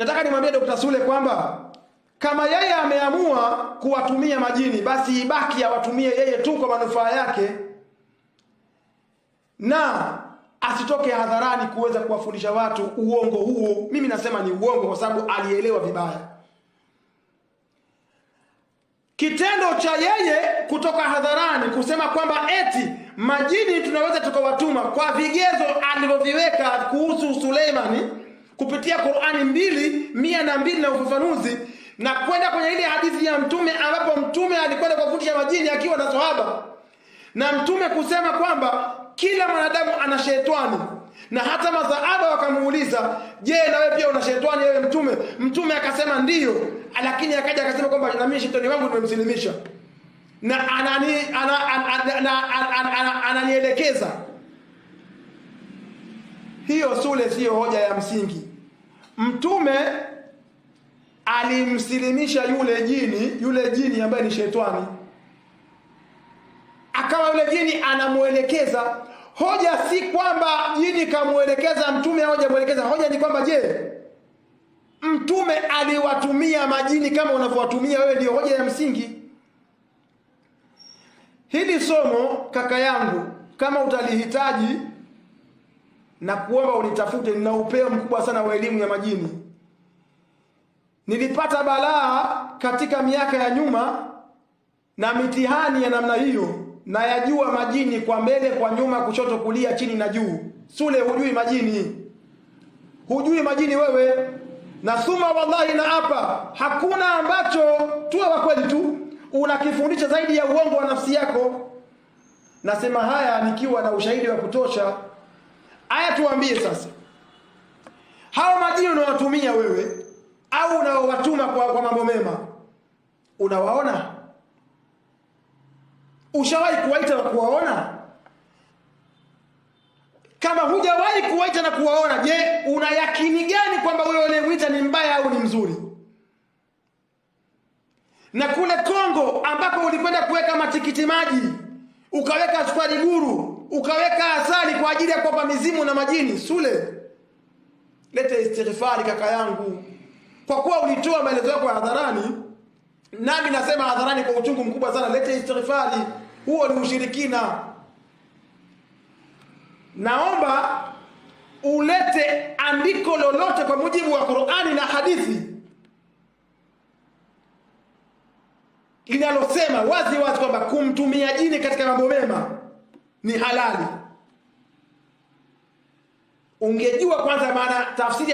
Nataka nimwambie Dr. Sule kwamba kama yeye ameamua kuwatumia majini, basi ibaki awatumie yeye tu kwa manufaa yake, na asitoke hadharani kuweza kuwafundisha watu uongo huo. Mimi nasema ni uongo kwa sababu alielewa vibaya kitendo cha yeye kutoka hadharani kusema kwamba eti majini tunaweza tukawatuma kwa vigezo alivyoviweka kuhusu Suleimani kupitia Qur'ani mbili mia na mbili na ufafanuzi na kwenda kwenye ile hadithi ya mtume ambapo mtume alikwenda kuwafundisha majini akiwa na sahaba na mtume kusema kwamba kila mwanadamu ana shetani na hata masahaba wakamuuliza, je, na pia una shetani wewe mtume? Mtume akasema ndiyo, lakini akaja akasema kwamba na shetani wangu nimemsilimisha na ananielekeza. Hiyo sule siyo hoja ya msingi. Mtume alimsilimisha yule jini, yule jini ambaye ni shetani, akawa yule jini anamwelekeza hoja. Si kwamba jini kamwelekeza mtume au hajamwelekeza, hoja ni kwamba je, mtume aliwatumia majini kama unavyowatumia wewe? Ndio hoja ya msingi. Hili somo kaka yangu, kama utalihitaji na kuomba unitafute, nina upeo mkubwa sana wa elimu ya majini. Nilipata balaa katika miaka ya nyuma na mitihani ya namna hiyo, na yajua majini kwa mbele, kwa nyuma, kushoto, kulia, chini na juu. Sule, hujui majini, hujui majini wewe. Na suma, wallahi na hapa hakuna ambacho tuwe wa kweli tu unakifundisha zaidi ya uongo wa nafsi yako. Nasema haya nikiwa na ushahidi wa kutosha Haya, tuambie sasa, hao majini unawatumia wewe au unaowatuma kwa, kwa mambo mema unawaona? Ushawahi kuwaita na kuwaona? Kama hujawahi kuwaita na kuwaona, je, una yakini gani kwamba wewe unayemwita ni mbaya au ni mzuri? Na kule Kongo ambako ulikwenda kuweka matikiti maji ukaweka sukari guru ukaweka asali kwa ajili ya kuapa mizimu na majini. Sule, lete istighfari kaka yangu, kwa kuwa ulitoa maelezo yako ya hadharani, nami nasema hadharani kwa uchungu mkubwa sana, lete istighfari. Huo ni ushirikina. Naomba ulete andiko lolote kwa mujibu wa Qur'ani na hadithi linalosema wazi wazi kwamba kumtumia jini katika mambo mema ni halali. Ungejua kwanza maana tafsiri